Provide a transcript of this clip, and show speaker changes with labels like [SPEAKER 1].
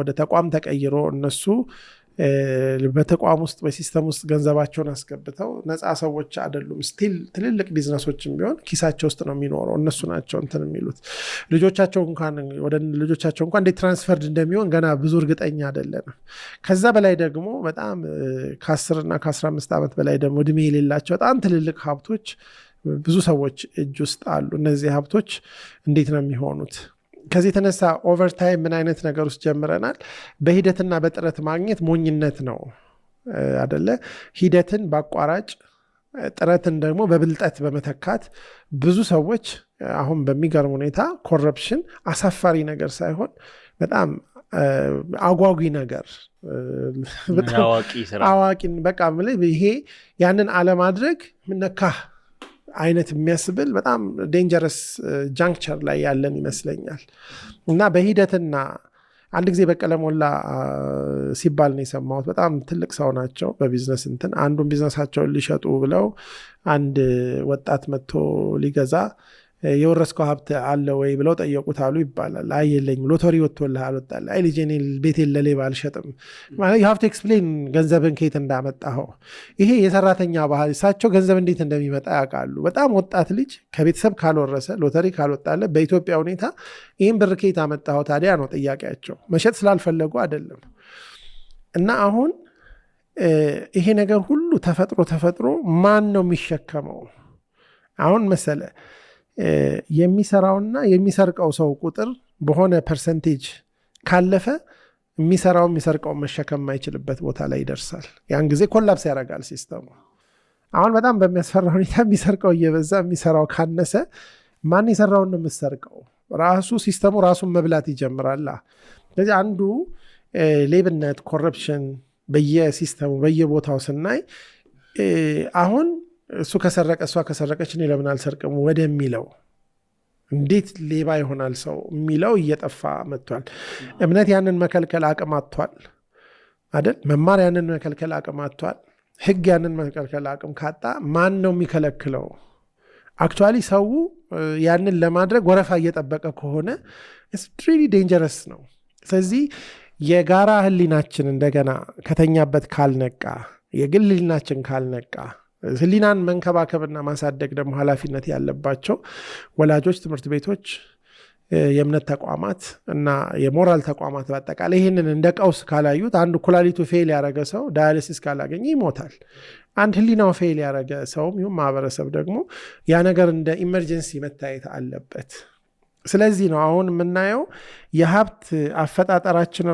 [SPEAKER 1] ወደ ተቋም ተቀይሮ እነሱ በተቋም ውስጥ በሲስተም ውስጥ ገንዘባቸውን አስገብተው ነፃ ሰዎች አይደሉም። ስቲል ትልልቅ ቢዝነሶችም ቢሆን ኪሳቸው ውስጥ ነው የሚኖረው። እነሱ ናቸው እንትን የሚሉት ልጆቻቸው እንኳን ወደ ልጆቻቸው እንኳን እንዴት ትራንስፈርድ እንደሚሆን ገና ብዙ እርግጠኛ አይደለንም። ከዛ በላይ ደግሞ በጣም ከአስርና እና ከአስራ አምስት ዓመት በላይ ደግሞ እድሜ የሌላቸው በጣም ትልልቅ ሀብቶች ብዙ ሰዎች እጅ ውስጥ አሉ። እነዚህ ሀብቶች እንዴት ነው የሚሆኑት? ከዚህ የተነሳ ኦቨርታይም ምን አይነት ነገር ውስጥ ጀምረናል። በሂደትና በጥረት ማግኘት ሞኝነት ነው አደለ? ሂደትን በአቋራጭ ጥረትን ደግሞ በብልጠት በመተካት ብዙ ሰዎች አሁን በሚገርም ሁኔታ ኮረፕሽን አሳፋሪ ነገር ሳይሆን በጣም አጓጊ ነገር አዋቂ በቃ ይሄ ያንን አለማድረግ ምነካህ አይነት የሚያስብል በጣም ዴንጀረስ ጃንክቸር uh, ላይ ያለን ይመስለኛል እና በሂደትና አንድ ጊዜ በቀለ ሞላ uh, ሲባል ነው የሰማሁት። በጣም ትልቅ ሰው ናቸው በቢዝነስ እንትን አንዱን ቢዝነሳቸውን ሊሸጡ ብለው አንድ ወጣት መጥቶ ሊገዛ የወረስከው ሀብት አለ ወይ ብለው ጠየቁት አሉ ይባላል። አይ የለኝም፣ ሎተሪ ወጥቶልህ አልወጣል። አይ ልጄ ቤቴን ለሌባ አልሸጥም ማለት የሀብት ኤክስፕሌን ገንዘብን ከየት እንዳመጣኸው። ይሄ የሰራተኛ ባህል፣ እሳቸው ገንዘብ እንዴት እንደሚመጣ ያውቃሉ። በጣም ወጣት ልጅ ከቤተሰብ ካልወረሰ ሎተሪ ካልወጣለ በኢትዮጵያ ሁኔታ ይህን ብር ከየት አመጣኸው ታዲያ ነው ጥያቄያቸው። መሸጥ ስላልፈለጉ አይደለም እና አሁን ይሄ ነገር ሁሉ ተፈጥሮ ተፈጥሮ ማን ነው የሚሸከመው? አሁን መሰለ የሚሰራውና የሚሰርቀው ሰው ቁጥር በሆነ ፐርሰንቴጅ ካለፈ የሚሰራው የሚሰርቀው መሸከም የማይችልበት ቦታ ላይ ይደርሳል። ያን ጊዜ ኮላፕስ ያደርጋል ሲስተሙ። አሁን በጣም በሚያስፈራ ሁኔታ የሚሰርቀው እየበዛ የሚሰራው ካነሰ ማን የሰራውን ነው የምሰርቀው? ራሱ ሲስተሙ ራሱን መብላት ይጀምራል። ስለዚህ አንዱ ሌብነት፣ ኮረፕሽን በየሲስተሙ በየቦታው ስናይ አሁን እሱ ከሰረቀ እሷ ከሰረቀች እኔ ለምን አልሰርቅም ወደሚለው እንዴት ሌባ ይሆናል ሰው የሚለው እየጠፋ መጥቷል። እምነት ያንን መከልከል አቅም አጥቷል አይደል? መማር ያንን መከልከል አቅም አጥቷል። ህግ ያንን መከልከል አቅም ካጣ ማን ነው የሚከለክለው? አክቹዋሊ ሰው ያንን ለማድረግ ወረፋ እየጠበቀ ከሆነ ስትሪሊ ዴንጀረስ ነው። ስለዚህ የጋራ ህሊናችን እንደገና ከተኛበት ካልነቃ፣ የግል ህሊናችን ካልነቃ ህሊናን መንከባከብና ማሳደግ ደግሞ ኃላፊነት ያለባቸው ወላጆች፣ ትምህርት ቤቶች፣ የእምነት ተቋማት እና የሞራል ተቋማት በአጠቃላይ ይህንን እንደ ቀውስ ካላዩት አንዱ ኩላሊቱ ፌል ያደረገ ሰው ዳያሊሲስ ካላገኘ ይሞታል። አንድ ህሊናው ፌል ያደረገ ሰውም ይሁን ማህበረሰብ ደግሞ ያ ነገር እንደ ኢመርጀንሲ መታየት አለበት። ስለዚህ ነው አሁን የምናየው የሀብት አፈጣጠራችን